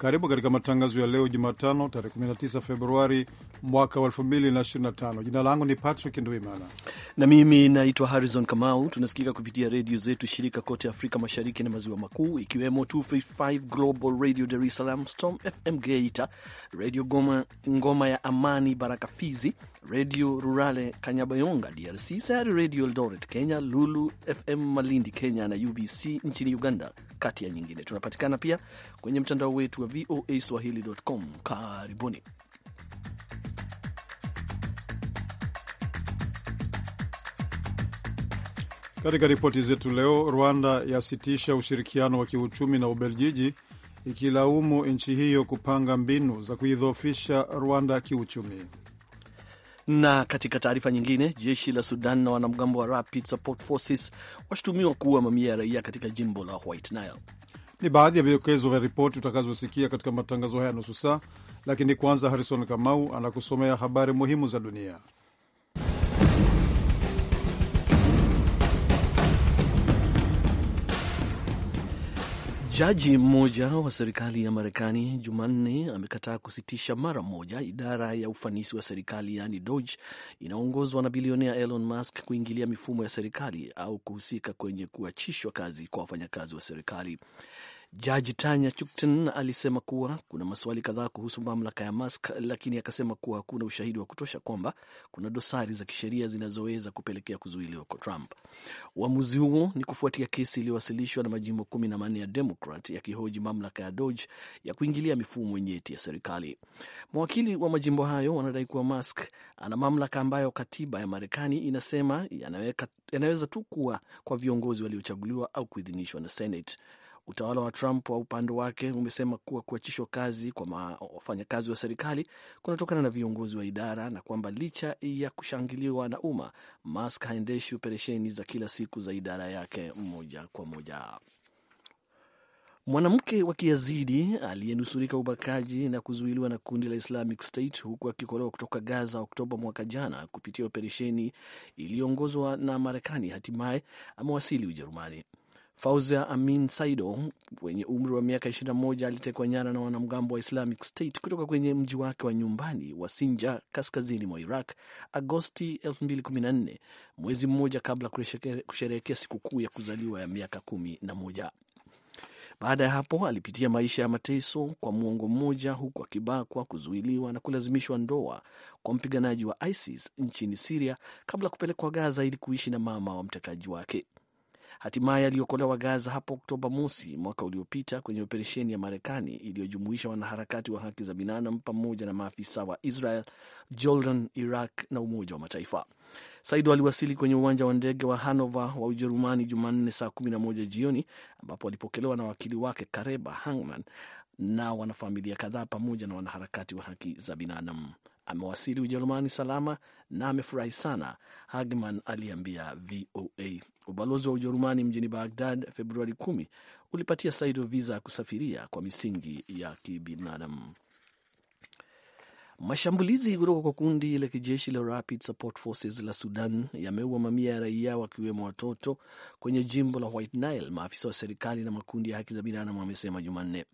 Karibu katika matangazo ya leo Jumatano, tarehe 19 Februari mwaka wa 2025. Jina langu ni Patrick nduimana na mimi naitwa Harrison Kamau. Tunasikika kupitia redio zetu shirika kote Afrika Mashariki na Maziwa Makuu, ikiwemo 255 Global Radio Dar es Salaam, Storm FM Geita, Radio Goma, Ngoma ya Amani, Baraka Fizi, Redio Rurale Kanyabayonga DRC, Sayari Redio Eldoret Kenya, Lulu FM Malindi Kenya na UBC nchini Uganda, kati ya nyingine. Tunapatikana pia kwenye mtandao wetu wa VOA Swahili.com. Karibuni. Katika ripoti zetu leo, Rwanda yasitisha ushirikiano wa kiuchumi na Ubeljiji ikilaumu nchi hiyo kupanga mbinu za kuidhoofisha Rwanda kiuchumi. Na katika taarifa nyingine, jeshi la Sudan na wanamgambo wa Rapid Support Forces washutumiwa kuua mamia ya raia katika jimbo la White Nile. Ni baadhi ya vidokezo vya ripoti utakazosikia katika matangazo haya nusu saa, lakini kwanza, Harrison Kamau anakusomea habari muhimu za dunia. Jaji mmoja wa serikali ya Marekani Jumanne amekataa kusitisha mara moja idara ya ufanisi wa serikali yaani DOGE inaongozwa na bilionea Elon Musk kuingilia mifumo ya serikali au kuhusika kwenye kuachishwa kazi kwa wafanyakazi wa serikali. Jaji Tanya Chutkan alisema kuwa kuna maswali kadhaa kuhusu mamlaka ya Musk, lakini akasema kuwa hakuna ushahidi wa kutosha kwamba kuna dosari za kisheria zinazoweza kupelekea kuzuiliwa kwa Trump. Uamuzi huo ni kufuatia kesi iliyowasilishwa na majimbo kumi na manne ya Demokrat yakihoji mamlaka ya Doge ya kuingilia mifumo nyeti ya serikali. Mawakili wa majimbo hayo wanadai kuwa Musk ana mamlaka ambayo katiba ya Marekani inasema yanaweka, yanaweza tu kuwa kwa viongozi waliochaguliwa au kuidhinishwa na Senate. Utawala wa Trump wa upande wake umesema kuwa kuachishwa kazi kwa wafanyakazi wa serikali kunatokana na viongozi wa idara na kwamba licha ya kushangiliwa na umma, Musk haendeshi operesheni za kila siku za idara yake moja kwa moja. Mwanamke wa Kiazidi aliyenusurika ubakaji na kuzuiliwa na kundi la Islamic State huku akikolewa kutoka Gaza Oktoba mwaka jana kupitia operesheni iliyoongozwa na Marekani hatimaye amewasili Ujerumani. Fauzia Amin Saido mwenye umri wa miaka 21 alitekwa nyara na wanamgambo wa Islamic State kutoka kwenye mji wake wa nyumbani wa Sinja kaskazini mwa Iraq Agosti 2014, mwezi mmoja kabla kusherehekea sikukuu ya kuzaliwa ya miaka kumi na moja. Baada ya hapo alipitia maisha ya mateso kwa mwongo mmoja, huku akibakwa, kuzuiliwa na kulazimishwa ndoa kwa mpiganaji wa ISIS nchini Siria kabla kupelekwa Gaza ili kuishi na mama wa mtekaji wake. Hatimaye aliokolewa Gaza hapo Oktoba mosi mwaka uliopita kwenye operesheni ya Marekani iliyojumuisha wanaharakati wa haki za binadamu pamoja na maafisa wa Israel, Jordan, Iraq na Umoja wa Mataifa. Saido aliwasili kwenye uwanja wa ndege wa Hanover wa Ujerumani Jumanne saa moja jioni ambapo alipokelewa na wakili wake Kareba Hangman na wanafamilia kadhaa pamoja na wanaharakati wa haki za binadamu amewasili Ujerumani salama na amefurahi sana, Hagman aliambia VOA. Ubalozi wa Ujerumani mjini Bagdad Februari 10 ulipatia Saido viza ya kusafiria kwa misingi ya kibinadamu. Mashambulizi kutoka kwa kundi la kijeshi la Rapid Support Forces la Sudan yameua mamia ya raia wakiwemo watoto kwenye jimbo la White Nile, maafisa wa serikali na makundi ya haki za binadamu wamesema Jumanne.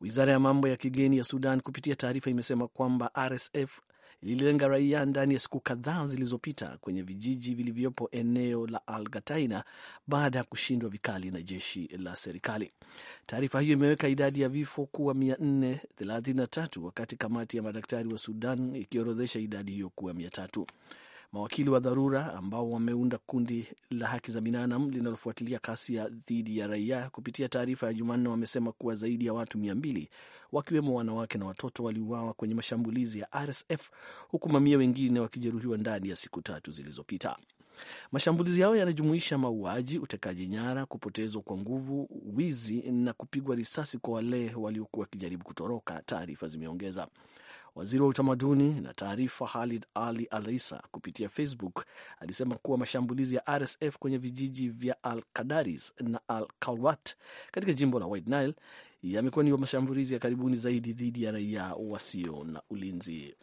Wizara ya mambo ya kigeni ya Sudan kupitia taarifa imesema kwamba RSF lililenga raia ndani ya siku kadhaa zilizopita kwenye vijiji vilivyopo eneo la Al Gataina baada ya kushindwa vikali na jeshi la serikali. Taarifa hiyo imeweka idadi ya vifo kuwa 433 wakati kamati ya madaktari wa Sudan ikiorodhesha idadi hiyo kuwa tatu Mawakili wa dharura ambao wameunda kundi la haki za binadamu linalofuatilia kasia dhidi ya raia, kupitia taarifa ya Jumanne, wamesema kuwa zaidi ya watu mia mbili wakiwemo wanawake na watoto waliuawa kwenye mashambulizi ya RSF, huku mamia wengine wakijeruhiwa ndani ya siku tatu zilizopita. Mashambulizi hayo yanajumuisha mauaji, utekaji nyara, kupotezwa kwa nguvu, wizi na kupigwa risasi kwa wale waliokuwa wakijaribu kutoroka, taarifa zimeongeza. Waziri wa utamaduni na taarifa Halid Ali alisa kupitia Facebook alisema kuwa mashambulizi ya RSF kwenye vijiji vya Al Kadaris na Al Kalwat katika jimbo la White Nile yamekuwa ni mashambulizi ya karibuni zaidi dhidi ya raia wasio na ulinzi.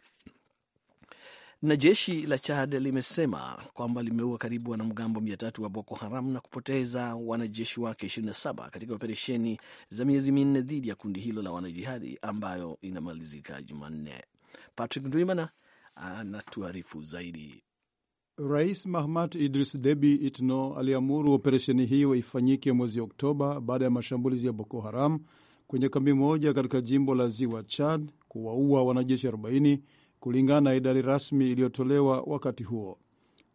Na jeshi la Chad limesema kwamba limeua karibu wanamgambo mia tatu wa Boko Haram na kupoteza wanajeshi wake 27 katika operesheni za miezi minne dhidi ya kundi hilo la wanajihadi ambayo inamalizika Jumanne. Patrick Ndwimana anatuarifu zaidi. Rais Mahmad Idris Debi Itno aliamuru operesheni hiyo ifanyike mwezi Oktoba baada ya mashambulizi ya Boko Haram kwenye kambi moja katika jimbo la Ziwa Chad kuwaua wanajeshi kulingana na idadi rasmi iliyotolewa wakati huo.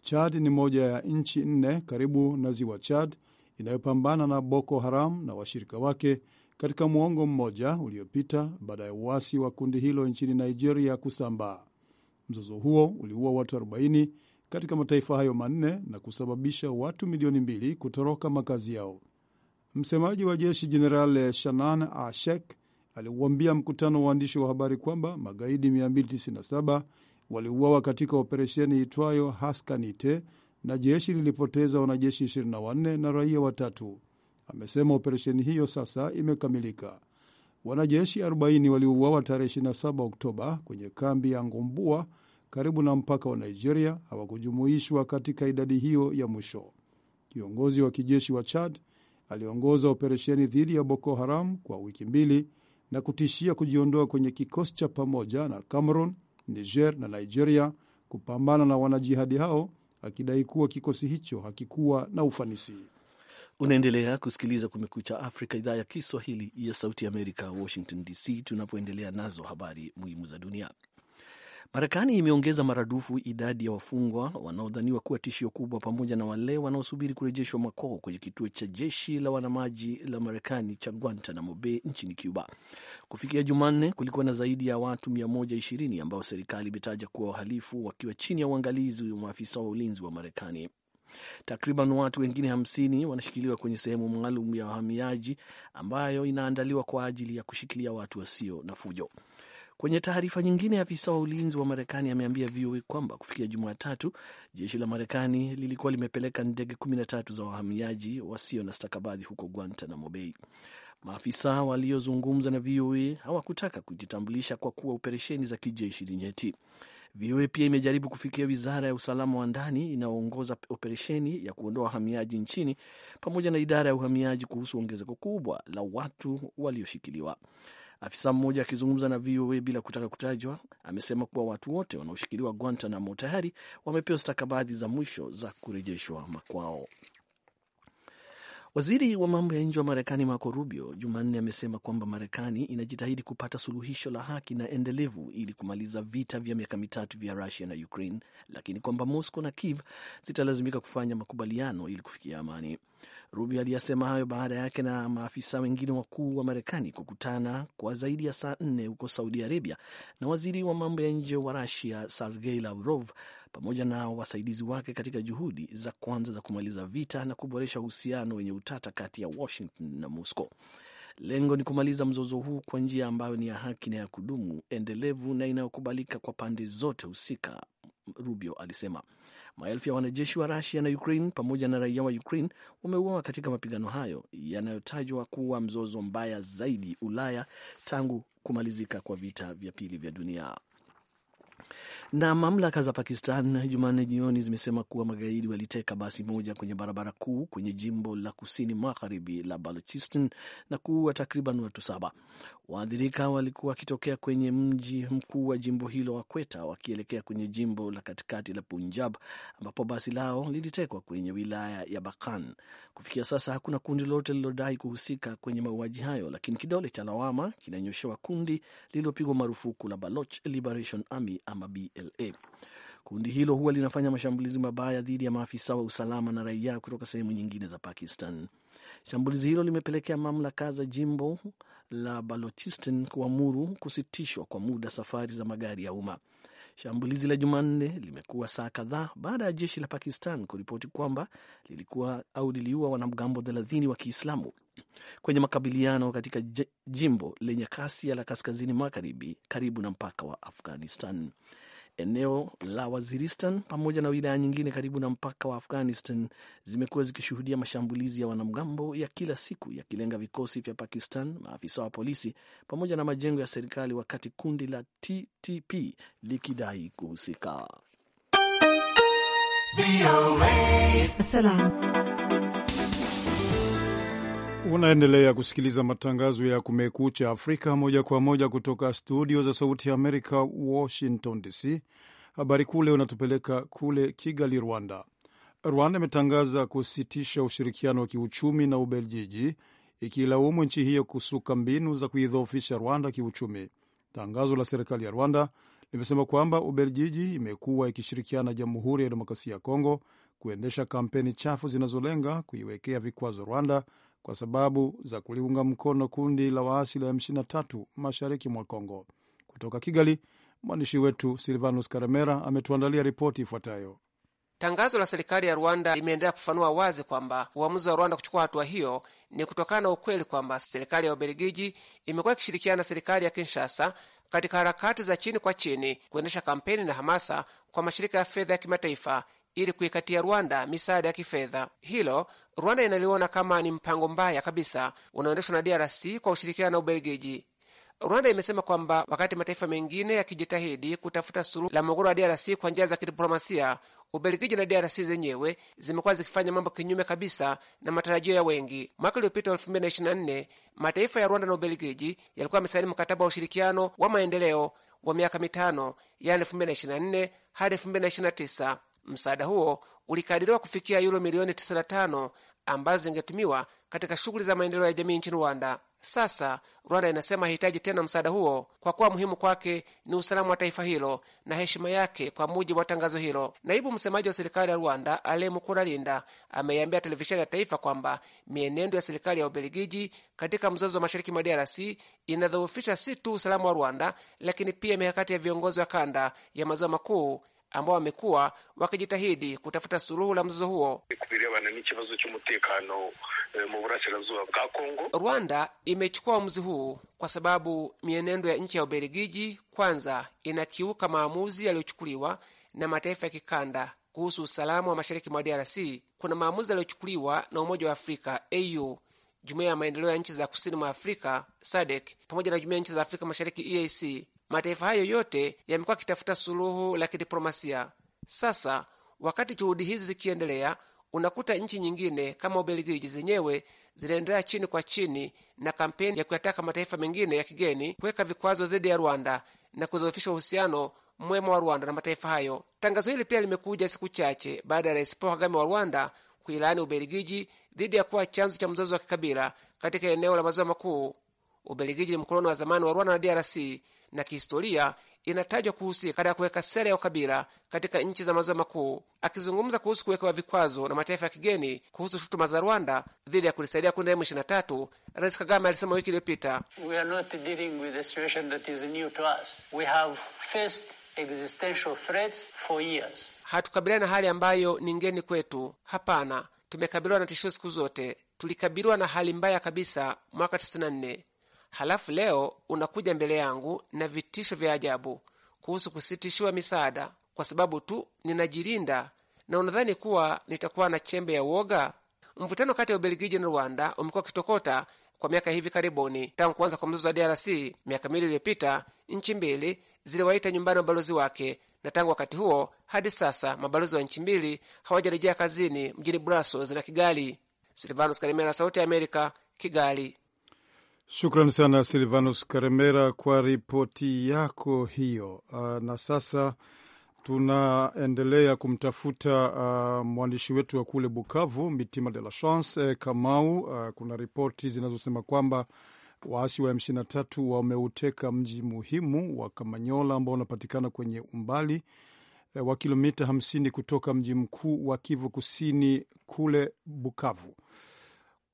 Chad ni moja ya nchi nne karibu na ziwa Chad inayopambana na Boko Haram na washirika wake katika mwongo mmoja uliopita baada ya uasi wa kundi hilo nchini Nigeria kusambaa. Mzozo huo uliua watu 40 katika mataifa hayo manne na kusababisha watu milioni mbili kutoroka makazi yao. Msemaji wa jeshi Jenerali Shanan Ashek aliuambia mkutano wa waandishi wa habari kwamba magaidi 297 waliuawa katika operesheni itwayo Haskanite na jeshi lilipoteza wanajeshi 24 na raia watatu. Amesema operesheni hiyo sasa imekamilika. Wanajeshi 40 waliuawa tarehe 27 Oktoba kwenye kambi ya Ngombua karibu na mpaka wa Nigeria hawakujumuishwa katika idadi hiyo ya mwisho. Kiongozi wa kijeshi wa Chad aliongoza operesheni dhidi ya Boko Haram kwa wiki mbili na kutishia kujiondoa kwenye kikosi cha pamoja na Cameroon, Niger na Nigeria kupambana na wanajihadi hao, akidai kuwa kikosi hicho hakikuwa na ufanisi. Unaendelea kusikiliza Kumekucha Afrika, idhaa ya Kiswahili ya Sauti ya Amerika, Washington DC, tunapoendelea nazo habari muhimu za dunia. Marekani imeongeza maradufu idadi ya wafungwa wanaodhaniwa kuwa tishio kubwa pamoja na wale wanaosubiri kurejeshwa makwao kwenye kituo cha jeshi la wanamaji la Marekani cha Guantanamo Bay nchini Cuba. Kufikia Jumanne, kulikuwa na zaidi ya watu 120 ambao serikali imetaja kuwa wahalifu wakiwa chini ya uangalizi wa maafisa wa ulinzi wa Marekani. Takriban watu wengine hamsini wanashikiliwa kwenye sehemu maalum ya wahamiaji ambayo inaandaliwa kwa ajili ya kushikilia watu wasio na fujo. Kwenye taarifa nyingine, afisa wa ulinzi wa Marekani ameambia VOA kwamba kufikia Jumatatu jeshi la Marekani lilikuwa limepeleka ndege kumi na tatu za wahamiaji wasio na stakabadhi huko Guantanamo Bay. Maafisa waliozungumza na VOA hawakutaka kujitambulisha kwa kuwa operesheni za kijeshi ni nyeti. VOA pia imejaribu kufikia wizara ya usalama wa ndani inayoongoza operesheni ya kuondoa wahamiaji nchini pamoja na idara ya uhamiaji kuhusu ongezeko kubwa la watu walioshikiliwa. Afisa mmoja akizungumza na VOA bila kutaka kutajwa amesema kuwa watu wote wanaoshikiliwa Guantanamo tayari wamepewa stakabadhi za mwisho za kurejeshwa makwao. Waziri wa mambo ya nje wa Marekani Marco Rubio Jumanne amesema kwamba Marekani inajitahidi kupata suluhisho la haki na endelevu ili kumaliza vita vya miaka mitatu vya Rusia na Ukraine, lakini kwamba Moscow na Kiev zitalazimika kufanya makubaliano ili kufikia amani. Rubio aliyasema hayo baada yake na maafisa wengine wakuu wa Marekani kukutana kwa zaidi ya saa nne huko Saudi Arabia na waziri wa mambo ya nje wa Rusia Sergei Lavrov pamoja na wasaidizi wake katika juhudi za kwanza za kumaliza vita na kuboresha uhusiano wenye utata kati ya Washington na Moscow. Lengo ni kumaliza mzozo huu kwa njia ambayo ni ya haki na ya kudumu, endelevu na inayokubalika kwa pande zote husika, Rubio alisema. Maelfu ya wanajeshi wa Rusia na Ukraine pamoja na raia wa Ukraine wameuawa katika mapigano hayo yanayotajwa kuwa mzozo mbaya zaidi Ulaya tangu kumalizika kwa vita vya pili vya dunia. Na mamlaka za Pakistan Jumanne jioni zimesema kuwa magaidi waliteka basi moja kwenye barabara kuu kwenye jimbo la kusini magharibi la Balochistan na kuua takriban watu saba. Waathirika walikuwa wakitokea kwenye mji mkuu wa jimbo hilo wa Kweta wakielekea kwenye jimbo la katikati la Punjab ambapo basi lao lilitekwa kwenye wilaya ya Bakan. Kufikia sasa hakuna kundi lolote lililodai kuhusika kwenye mauaji hayo, lakini kidole cha lawama kinanyoshewa kundi lililopigwa marufuku la Baloch Liberation Army ama BLA. Kundi hilo huwa linafanya mashambulizi mabaya dhidi ya maafisa wa usalama na raia kutoka sehemu nyingine za Pakistan. Shambulizi hilo limepelekea mamlaka za jimbo la Balochistan kuamuru kusitishwa kwa muda safari za magari ya umma. Shambulizi la Jumanne limekuwa saa kadhaa baada ya jeshi la Pakistan kuripoti kwamba lilikuwa au liliua wanamgambo thelathini wa Kiislamu kwenye makabiliano katika jimbo lenye kasia la kaskazini magharibi karibu na mpaka wa Afghanistan. Eneo la Waziristan pamoja na wilaya nyingine karibu na mpaka wa Afghanistan zimekuwa zikishuhudia mashambulizi ya wanamgambo ya kila siku yakilenga vikosi vya Pakistan, maafisa wa polisi pamoja na majengo ya serikali, wakati kundi la TTP likidai kuhusika. Unaendelea kusikiliza matangazo ya Kumekucha Afrika moja kwa moja kutoka studio za Sauti ya Amerika, Washington DC. Habari kuu leo inatupeleka kule Kigali, Rwanda. Rwanda imetangaza kusitisha ushirikiano wa kiuchumi na Ubeljiji, ikilaumu nchi hiyo kusuka mbinu za kuidhoofisha Rwanda kiuchumi. Tangazo la serikali ya Rwanda limesema kwamba Ubeljiji imekuwa ikishirikiana na Jamhuri ya Demokrasia ya Kongo kuendesha kampeni chafu zinazolenga kuiwekea vikwazo Rwanda kwa sababu za kuliunga mkono kundi la waasi la M23 mashariki mwa congo Kutoka Kigali, mwandishi wetu Silvanus Karemera ametuandalia ripoti ifuatayo. Tangazo la serikali ya Rwanda limeendelea kufanua wazi kwamba uamuzi wa Rwanda kuchukua hatua hiyo ni kutokana na ukweli kwamba serikali ya Ubelgiji imekuwa ikishirikiana na serikali ya Kinshasa katika harakati za chini kwa chini kuendesha kampeni na hamasa kwa mashirika ya fedha ya kimataifa ili kuikatia Rwanda misaada ya kifedha. Hilo Rwanda inaliona kama ni mpango mbaya kabisa unaoendeshwa na DRC kwa ushirikiano na Ubelgiji. Rwanda imesema kwamba wakati mataifa mengine yakijitahidi kutafuta suluhu la mgogoro wa DRC kwa njia za kidiplomasia, Ubelgiji na DRC zenyewe zimekuwa zikifanya mambo kinyume kabisa na matarajio ya wengi. Mwaka uliopita 2024 mataifa ya Rwanda na Ubelgiji yalikuwa yamesaini mkataba wa ushirikiano wa maendeleo wa miaka mitano, yani 2024 hadi 2029. Msaada huo ulikadiriwa kufikia yuro milioni 95 ambazo zingetumiwa katika shughuli za maendeleo ya jamii nchini Rwanda. Sasa Rwanda inasema hahitaji tena msaada huo kwa kuwa muhimu kwake ni usalama wa taifa hilo na heshima yake, kwa mujibu wa tangazo hilo. Naibu msemaji wa serikali ya Rwanda Ale Mukuralinda ameiambia televisheni ya taifa kwamba mienendo ya serikali ya Ubelgiji katika mzozo wa mashariki mwa DRC inadhoofisha si tu usalama wa Rwanda, lakini pia mikakati ya viongozi wa kanda ya maziwa makuu ambao wamekuwa wakijitahidi kutafuta suluhu la mzozo huo. Eh, Rwanda imechukua uamuzi huu kwa sababu mienendo ya nchi ya Ubelgiji kwanza inakiuka maamuzi yaliyochukuliwa na mataifa ya kikanda kuhusu usalama wa mashariki mwa DRC. Kuna maamuzi yaliyochukuliwa na Umoja wa Afrika au Jumuiya ya Maendeleo ya Nchi za Kusini mwa Afrika SADC pamoja na Jumuiya ya Nchi za Afrika Mashariki EAC mataifa hayo yote yamekuwa yakitafuta suluhu la kidiplomasia. Sasa wakati juhudi hizi zikiendelea, unakuta nchi nyingine kama Ubelgiji zenyewe zinaendelea chini kwa chini na kampeni ya kuyataka mataifa mengine ya kigeni kuweka vikwazo dhidi ya Rwanda na kudhoofisha uhusiano mwema wa Rwanda na mataifa hayo. Tangazo hili pia limekuja siku chache baada ya Rais Paul Kagame wa Rwanda kuilaani Ubelgiji dhidi ya kuwa chanzo cha mzozo wa kikabila katika eneo la maziwa makuu. Ubelgiji ni mkoloni wa zamani wa Rwanda na DRC na kihistoria inatajwa kuhusika katika kuweka sera ya ukabila katika nchi za maziwa makuu. Akizungumza kuhusu kuwekewa vikwazo na mataifa ya kigeni kuhusu shutuma za Rwanda dhidi ya kulisaidia kundi la M23, Rais Kagame alisema wiki iliyopita, hatukabiliana na hali ambayo ni ngeni kwetu. Hapana, tumekabiliwa na tishio siku zote. Tulikabiliwa na hali mbaya kabisa mwaka 94 halafu leo unakuja mbele yangu na vitisho vya ajabu kuhusu kusitishiwa misaada kwa sababu tu ninajilinda, na unadhani kuwa nitakuwa na chembe ya uoga? Mvutano kati ya Ubelgiji na Rwanda umekuwa ukitokota kwa miaka hivi karibuni. Tangu kuanza kwa mzozo wa DRC miaka miwili iliyopita, nchi mbili ziliwaita nyumbani mabalozi wake, na tangu wakati huo hadi sasa mabalozi wa nchi mbili hawajarejea kazini mjini Brussels na Kigali. Silvanos Karimera, Sauti ya Amerika, Kigali. Shukran sana Silvanus Karemera kwa ripoti yako hiyo. Uh, na sasa tunaendelea kumtafuta uh, mwandishi wetu wa kule Bukavu, Mitima de la Chance eh, Kamau. Uh, kuna ripoti zinazosema kwamba waasi wa M23 wameuteka mji muhimu wa Kamanyola ambao unapatikana kwenye umbali eh, wa kilomita 50 kutoka mji mkuu wa Kivu Kusini kule Bukavu.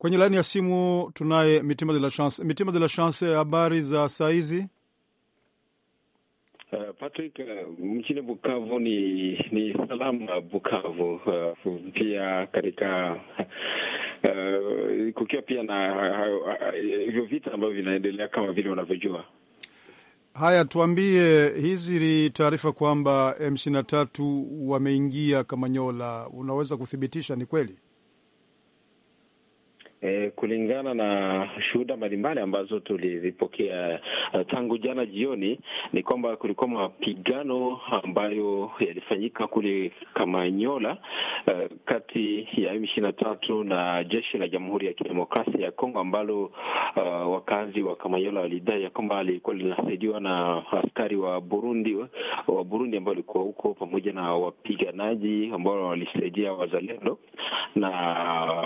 Kwenye laini ya simu tunaye Mitima de la Chance. Mitima de la Chance, habari za saa hizi? Uh, Patrick, uh, mchini Bukavu ni ni salama Bukavu, uh, pia katika uh, kukiwa pia na uh, hivyo uh, uh, vita ambavyo vinaendelea kama vile unavyojua. Haya, tuambie hizi ni taarifa kwamba M23 wameingia Kamanyola, unaweza kuthibitisha ni kweli? E, kulingana na shuhuda mbalimbali ambazo tulizipokea uh, tangu jana jioni ni kwamba kulikuwa mapigano ambayo yalifanyika kule Kamanyola uh, kati ya M ishirini na tatu na jeshi la Jamhuri ya Kidemokrasia ya Kongo ambalo uh, wakazi wa Kamanyola walidai ya kwamba lilikuwa linasaidiwa na askari wa Burundi wa Burundi ambao walikuwa huko pamoja na wapiganaji ambao walisaidia wazalendo na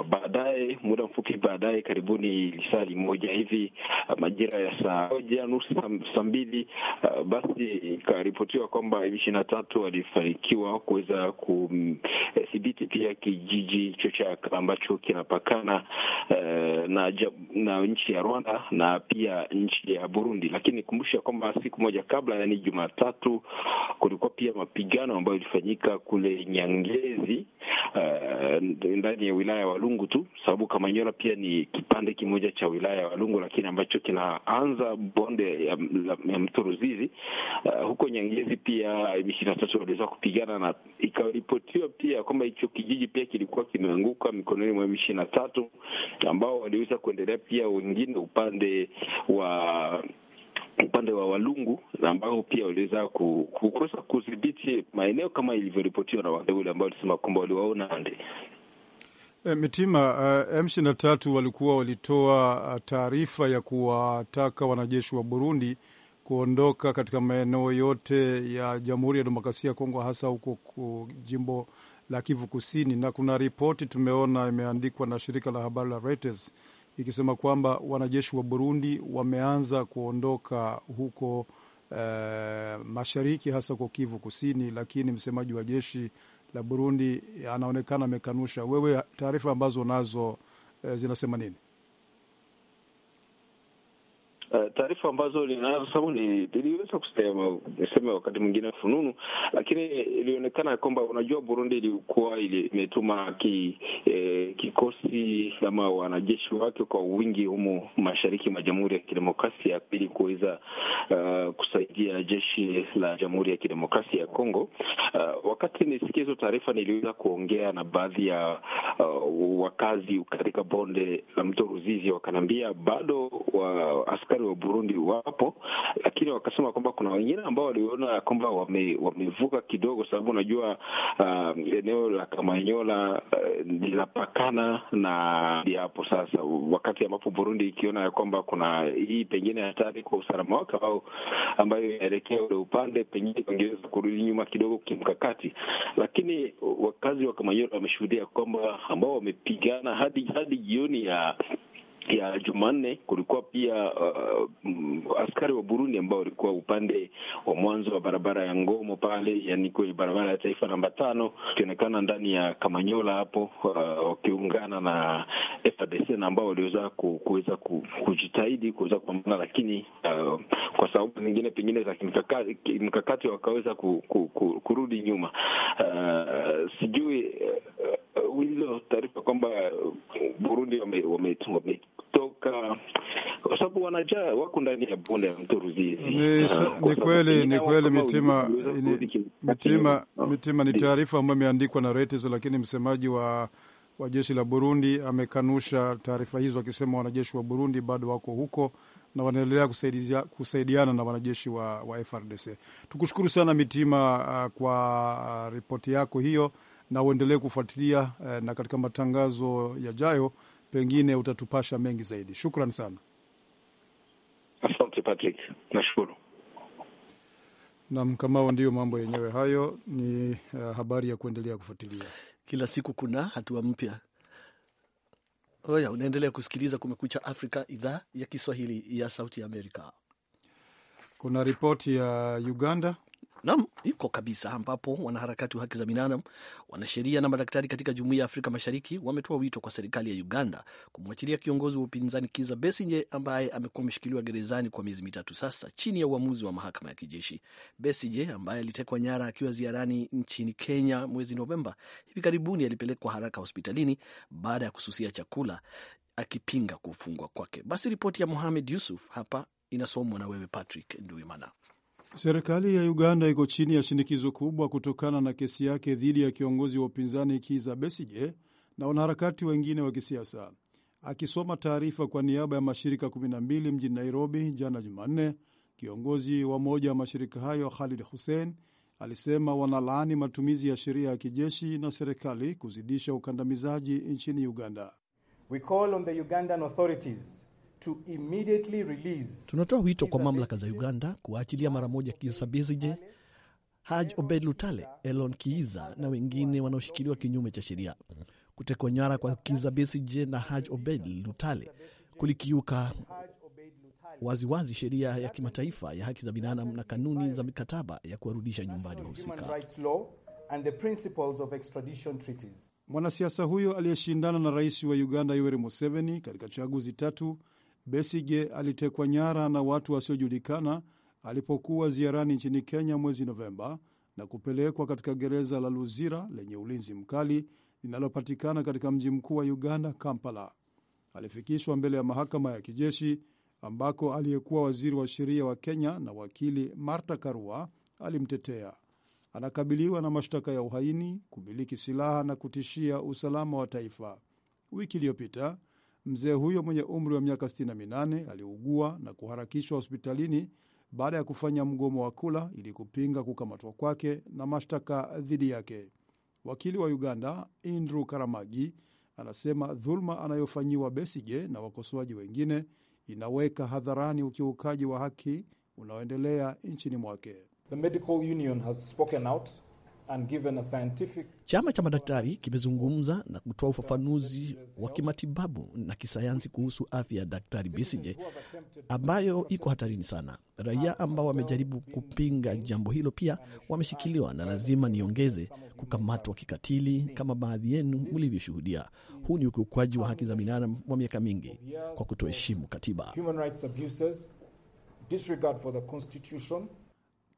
baadaye muda mfupi wakati baadaye karibuni lisali moja hivi uh, majira ya saa moja nusu saa mbili uh, basi ikaripotiwa kwamba M ishirini na tatu walifanikiwa kuweza kudhibiti pia kijiji hicho cha ambacho kinapakana uh, na, na nchi ya Rwanda na pia nchi ya Burundi, lakini kumbusha kwamba siku moja kabla, yaani Jumatatu, kulikuwa pia mapigano ambayo ilifanyika kule Nyangezi uh, Eh, ndani ya wilaya ya Walungu tu, sababu Kamanyola pia ni kipande kimoja cha wilaya ya Walungu, lakini ambacho kinaanza bonde ya, ya mto Ruzizi. Uh, eh, huko Nyangezi pia m tatu waliweza kupigana na ikaripotiwa pia kwamba hicho kijiji pia kilikuwa kimeanguka mikononi mwa m tatu ambao waliweza kuendelea pia wengine upande wa upande wa Walungu ambao pia waliweza kukosa kudhibiti maeneo kama ilivyoripotiwa na wale ambao walisema kwamba waliwaona nde e, eh, mitima uh, m tatu walikuwa walitoa eh, taarifa ya kuwataka wanajeshi wa Burundi kuondoka katika maeneo yote ya Jamhuri ya Demokrasia ya Kongo, hasa huko jimbo la Kivu Kusini, na kuna ripoti tumeona imeandikwa na shirika la habari la Reuters ikisema kwamba wanajeshi wa Burundi wameanza kuondoka huko e, mashariki hasa kwa Kivu Kusini, lakini msemaji wa jeshi la Burundi anaonekana amekanusha. Wewe taarifa ambazo nazo e, eh, zinasema nini? Eh, taarifa ambazo ninazo sababu niliweza kusema niseme wakati mwingine fununu, lakini ilionekana kwamba unajua, Burundi ilikuwa imetuma ki, eh, kikosi ama wanajeshi wake kwa wingi humo mashariki mwa Jamhuri ya Kidemokrasia ya pili kuweza uh, kusaidia jeshi la Jamhuri ya Kidemokrasia ya Kongo. Uh, wakati nisikia hizo taarifa niliweza kuongea na baadhi ya uh, wakazi katika bonde la mto Ruzizi, wakanaambia bado wa askari wa Burundi wapo, lakini wakasema kwamba kuna wengine ambao waliona ya kwamba wame, wamevuka kidogo, sababu unajua uh, eneo la Kamanyola linapakana uh, na hapo sasa, wakati ambapo Burundi ikiona ya kwamba kuna hii pengine hatari kwa usalama wake au ambayo inaelekea ule upande, pengine wangeweza kurudi nyuma kidogo kimkakati, lakini wakazi wa Kamanyola wameshuhudia kwamba ambao wamepigana hadi hadi jioni ya ya Jumanne kulikuwa pia uh, mm, askari wa Burundi ambao walikuwa upande wa mwanzo wa barabara ya Ngomo pale, yani kwenye barabara ya taifa namba tano, wakionekana ndani ya Kamanyola hapo uh, wakiungana uh, na fdc na ambao waliweza kuweza kujitahidi kuweza kupambana, lakini uh, kwa sababu zingine pengine za kimkakati kimkakati wakaweza ku, ku, ku, kurudi nyuma uh, sijui uh, hizo taarifa kwamba eh, Burundi wametoka wame, wame kwa sababu wanaja wako ndani ya bonde ya mto Ruzizi. Ni ah, kweli, ni kweli mitima mitima ah, mitima, ni taarifa ambayo imeandikwa na Reuters, lakini msemaji wa wa jeshi la Burundi amekanusha taarifa hizo akisema wanajeshi wa Burundi bado wako huko na wanaendelea kusaidiana na wanajeshi wa, wa FRDC. Tukushukuru sana Mitima uh, kwa ripoti yako hiyo na uendelee kufuatilia eh, na katika matangazo yajayo pengine utatupasha mengi zaidi. Shukran sana. Asante Patrick, nashukuru. Naam, Kamao, ndiyo mambo yenyewe hayo. Ni uh, habari ya kuendelea kufuatilia. Kila siku kuna hatua mpya. Oya, unaendelea kusikiliza Kumekucha Afrika, idhaa ya Kiswahili ya Sauti ya Amerika. Kuna ripoti ya Uganda Nam iko kabisa, ambapo wanaharakati wa haki za binadamu, wanasheria na madaktari katika jumuiya ya Afrika Mashariki wametoa wito kwa serikali ya Uganda kumwachilia kiongozi wa upinzani Kiza Besigye ambaye amekuwa ameshikiliwa gerezani kwa miezi mitatu sasa chini ya uamuzi wa mahakama ya kijeshi. Besigye ambaye alitekwa nyara akiwa ziarani nchini Kenya mwezi Novemba, hivi karibuni alipelekwa haraka hospitalini baada ya kususia chakula akipinga kufungwa kwake. Basi ripoti ya Mohamed Yusuf hapa inasomwa na wewe Patrick Nduimana. Serikali ya Uganda iko chini ya shinikizo kubwa kutokana na kesi yake dhidi ya kiongozi wa upinzani Kiza Besije na wanaharakati wengine wa kisiasa. Akisoma taarifa kwa niaba ya mashirika 12 mjini Nairobi jana Jumanne, kiongozi wa moja ya mashirika hayo Khalid Hussein alisema wanalaani matumizi ya sheria ya kijeshi na serikali kuzidisha ukandamizaji nchini Uganda. We call on the Ugandan authorities To immediately release. Tunatoa wito kwa mamlaka za Uganda kuwaachilia mara moja Kizza Besigye, Haj Obed Lutale, Elon Kiiza na wengine wanaoshikiliwa kinyume cha sheria. Kutekwa nyara kwa Kizza Besigye na Haj Obed Lutale kulikiuka waziwazi sheria ya kimataifa ya haki za binadamu na kanuni za mikataba ya kuwarudisha nyumbani wahusika. Mwanasiasa huyo aliyeshindana na rais wa Uganda Yoweri Museveni katika chaguzi tatu Besige alitekwa nyara na watu wasiojulikana alipokuwa ziarani nchini Kenya mwezi Novemba na kupelekwa katika gereza la Luzira lenye ulinzi mkali linalopatikana katika mji mkuu wa Uganda, Kampala. Alifikishwa mbele ya mahakama ya kijeshi ambako aliyekuwa waziri wa sheria wa Kenya na wakili Martha Karua alimtetea. Anakabiliwa na mashtaka ya uhaini, kumiliki silaha na kutishia usalama wa taifa. Wiki iliyopita Mzee huyo mwenye umri wa miaka 68 aliugua na kuharakishwa hospitalini baada ya kufanya mgomo wa kula ili kupinga kukamatwa kwake na mashtaka dhidi yake. Wakili wa Uganda Andrew Karamagi anasema dhuluma anayofanyiwa besije na wakosoaji wengine inaweka hadharani ukiukaji wa haki unaoendelea nchini mwake. The medical union has spoken out. Chama cha madaktari kimezungumza na kutoa ufafanuzi wa kimatibabu na kisayansi kuhusu afya ya Daktari Besigye ambayo iko hatarini sana. Raia ambao wamejaribu kupinga jambo hilo pia wameshikiliwa, na lazima niongeze kukamatwa kikatili kama baadhi yenu mlivyoshuhudia. Huu ni ukiukwaji wa haki za binadamu wa miaka mingi kwa kutoheshimu katiba. Human rights abuses, disregard for the constitution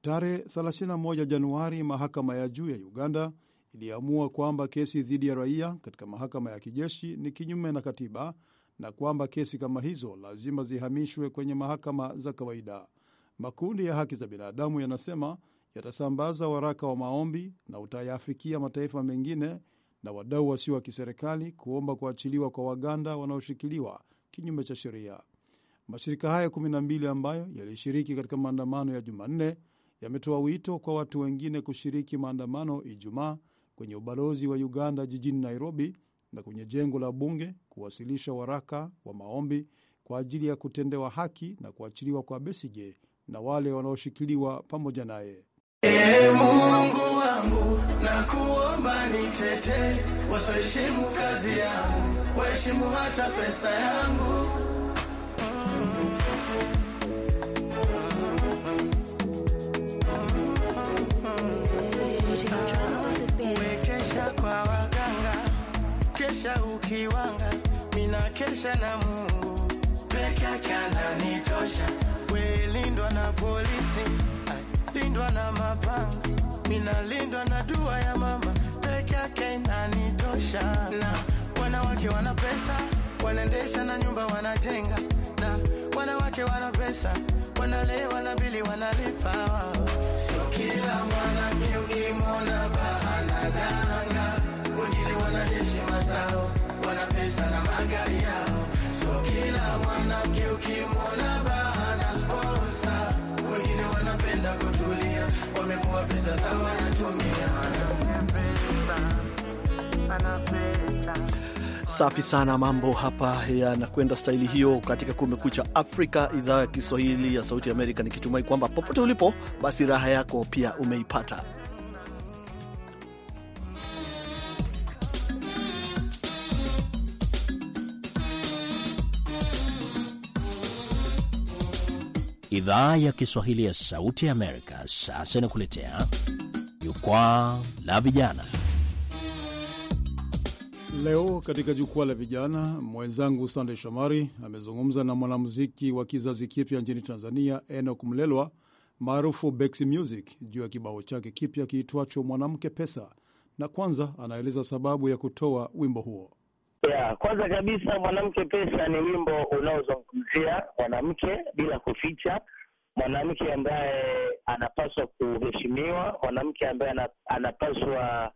Tarehe 31 Januari, mahakama ya juu ya Uganda iliamua kwamba kesi dhidi ya raia katika mahakama ya kijeshi ni kinyume na katiba na kwamba kesi kama hizo lazima zihamishwe kwenye mahakama za kawaida. Makundi ya haki za binadamu yanasema yatasambaza waraka wa maombi na utayafikia mataifa mengine na wadau wasio wa kiserikali kuomba kuachiliwa kwa Waganda wanaoshikiliwa kinyume cha sheria. Mashirika haya 12 ambayo yalishiriki katika maandamano ya Jumanne yametoa wito kwa watu wengine kushiriki maandamano Ijumaa kwenye ubalozi wa Uganda jijini Nairobi na kwenye jengo la bunge kuwasilisha waraka wa maombi kwa ajili ya kutendewa haki na kuachiliwa kwa Besije na wale wanaoshikiliwa pamoja naye. E Mungu wangu, nakuomba nitete, wasioheshimu kazi yangu, waheshimu hata pesa yangu kesha ukiwanga, mina kesha na Mungu peke yake ananitosha. We lindwa na polisi, lindwa na mapanga, mina lindwa na dua ya mama peke yake inanitosha. Na wanawake wana pesa, wanaendesha na nyumba wanajenga, na wanawake wana pesa, wanalewa na bili wanalipa. Sio kila mwanamke ukimwona heshima zao, wana pesa na magari yao, so kila mwanamke ukimwona bana sponsa. Wengine wanapenda kutulia, pesa zao wanatumia. Safi sana, mambo hapa yanakwenda staili hiyo katika Kumekucha Afrika, idhaa ya Kiswahili ya Sauti ya Amerika, nikitumai kwamba popote ulipo, basi raha yako pia umeipata. Idhaa ya Kiswahili ya Sauti ya Amerika sasa inakuletea Jukwaa la Vijana. Leo katika Jukwaa la Vijana, mwenzangu Sandey Shomari amezungumza na mwanamuziki wa kizazi kipya nchini Tanzania, Enok Mlelwa maarufu Bexy Music juu ya kibao chake kipya kiitwacho Mwanamke Pesa, na kwanza anaeleza sababu ya kutoa wimbo huo. Yeah, kwanza kabisa mwanamke pesa ni wimbo unaozungumzia mwanamke bila kuficha, mwanamke ambaye anapaswa kuheshimiwa, mwanamke ambaye anapaswa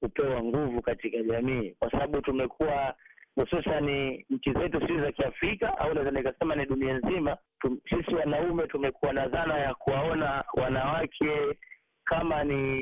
kupewa nguvu katika jamii, kwa sababu tumekuwa hususani nchi zetu sisi za Kiafrika au naweza nikasema ni dunia nzima, sisi wanaume tumekuwa na dhana ya kuwaona wanawake kama ni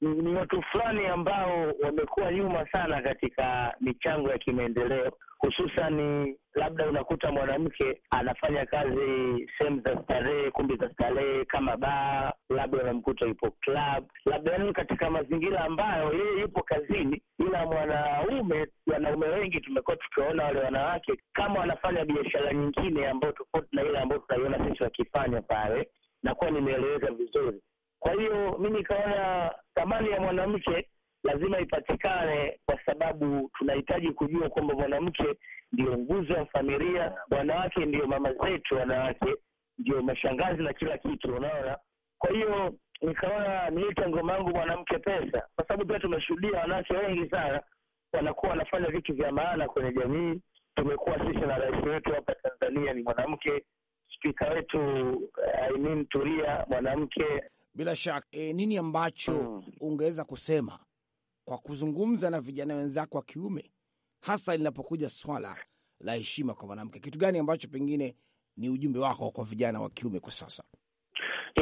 ni watu fulani ambao wamekuwa nyuma sana katika michango ya kimaendeleo hususan labda unakuta mwanamke anafanya kazi sehemu za starehe, kumbi za starehe kama baa, labda unamkuta yupo club, labda yani katika mazingira ambayo yeye yupo kazini, ila mwanaume, wanaume wengi tumekuwa tukiwaona wale wanawake kama wanafanya biashara nyingine ambayo tofauti na ile ambayo tunaiona sisi wakifanya pale. Nakuwa nimeeleweka vizuri? Kwa hiyo mimi nikaona thamani ya mwanamke lazima ipatikane, kwa sababu tunahitaji kujua kwamba mwanamke ndio nguzo ya familia, wanawake ndio mama zetu, wanawake ndio mashangazi na kila kitu, unaona. Kwa hiyo nikaona niita ngoma yangu mwanamke pesa, kwa sababu pia tumeshuhudia wanawake wengi sana wanakuwa wanafanya vitu vya maana kwenye jamii. Tumekuwa sisi na rais wetu hapa Tanzania ni mwanamke, spika wetu eh, I mean, Tulia mwanamke bila shaka e, nini ambacho mm, ungeweza kusema kwa kuzungumza na vijana wenzako wa kiume, hasa linapokuja swala la heshima kwa mwanamke? Kitu gani ambacho pengine ni ujumbe wako kwa vijana wa kiume kwa sasa?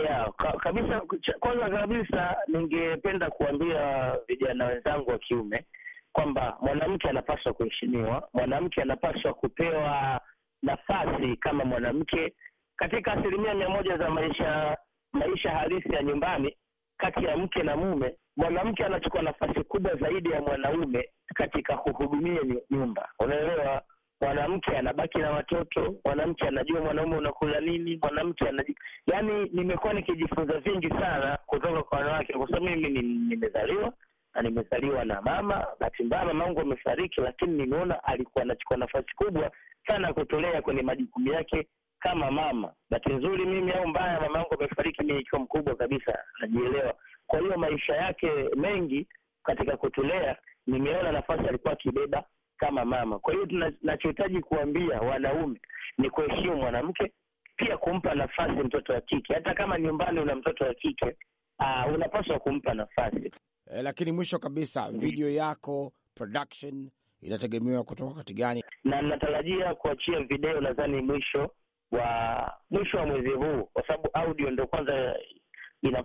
Yeah, ka, kabisa. Kwanza kabisa ningependa kuambia vijana wenzangu wa kiume kwamba mwanamke anapaswa kuheshimiwa, mwanamke anapaswa kupewa nafasi kama mwanamke katika asilimia mia moja za maisha maisha halisi ya nyumbani kati ya mke na mume, mwanamke anachukua nafasi kubwa zaidi ya mwanaume katika kuhudumia nyumba, unaelewa. Mwanamke anabaki na watoto, mwanamke anajua mwanaume unakula nini, mwanamke anajua. yani nimekuwa nikijifunza vingi sana kutoka kwa wanawake, kwa sababu mimi nimezaliwa na nimezaliwa na mama. Bahati mbaya wangu amefariki, lakini nimeona alikuwa anachukua nafasi kubwa sana kutolea kwenye majukumu yake kama mama. Bahati nzuri mimi au mbaya, mama yangu amefariki, mimi nikiwa mkubwa kabisa, najielewa. Kwa hiyo maisha yake mengi katika kutulea, nimeona nafasi alikuwa akibeba kama mama. Kwa hiyo tunachohitaji kuambia wanaume ni kuheshimu mwanamke, pia kumpa nafasi mtoto wa kike. Hata kama nyumbani una mtoto wa kike, uh, unapaswa kumpa nafasi e. Lakini mwisho kabisa, video yako production inategemewa kutoka wakati gani? Na natarajia kuachia video nadhani mwisho wa mwisho wa mwezi huu, kwa sababu audio ndio kwanza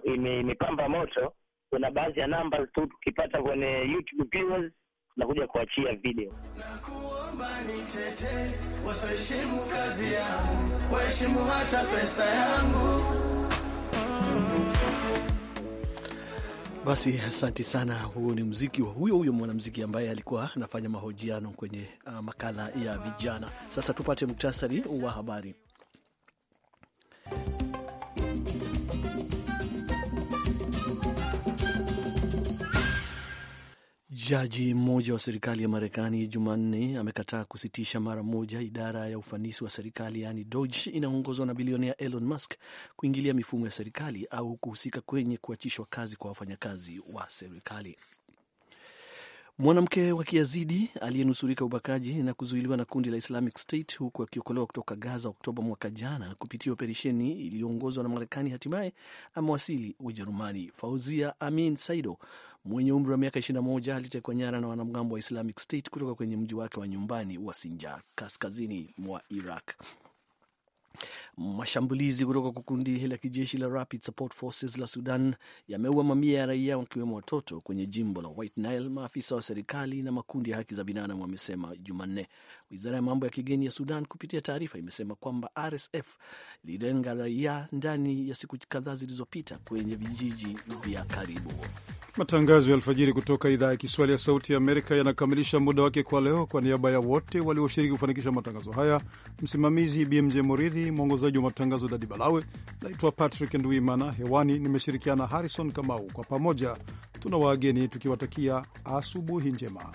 imepamba ime moto. Kuna baadhi ya namba tu tukipata kwenye YouTube viewers nakuja kuachia video. Nakuomba wasiheshimu kazi yangu, waheshimu hata pesa yangu. Basi asanti sana. Huo ni mziki wa huyo huyo mwanamziki ambaye alikuwa anafanya mahojiano kwenye uh, makala ya vijana. Sasa tupate muktasari wa habari. Jaji mmoja wa serikali ya Marekani Jumanne amekataa kusitisha mara moja idara ya ufanisi wa serikali yaani Doge inaongozwa na bilionea Elon Musk kuingilia mifumo ya serikali au kuhusika kwenye kuachishwa kazi kwa wafanyakazi wa serikali. Mwanamke wa Kiazidi aliyenusurika ubakaji na kuzuiliwa na kundi la Islamic State huku akiokolewa kutoka Gaza Oktoba mwaka jana kupitia operesheni iliyoongozwa na Marekani hatimaye amewasili Ujerumani. Fauzia Amin Saido mwenye umri wa miaka 21 alitekwa nyara na wanamgambo wa Islamic State kutoka kwenye mji wake wa nyumbani wa Sinjar kaskazini mwa Iraq. Mashambulizi kutoka kwa kundi la kijeshi la Rapid Support Forces la Sudan yameua mamia ya raia wakiwemo watoto kwenye jimbo la White Nile, maafisa wa serikali na makundi ya haki za binadamu wamesema Jumanne, Wizara ya mambo ya kigeni ya Sudan kupitia taarifa imesema kwamba RSF ililenga raia ndani ya siku kadhaa zilizopita kwenye vijiji vya karibu. Matangazo ya alfajiri kutoka idhaa ya Kiswahili ya Sauti ya Amerika yanakamilisha muda wake kwa leo. Kwa niaba ya wote walioshiriki kufanikisha matangazo haya, msimamizi BMJ Moridhi, mwongozaji wa matangazo Dadi Balawe, naitwa Patrick Nduimana. Hewani nimeshirikiana Harrison Kamau. Kwa pamoja tuna wageni tukiwatakia asubuhi njema.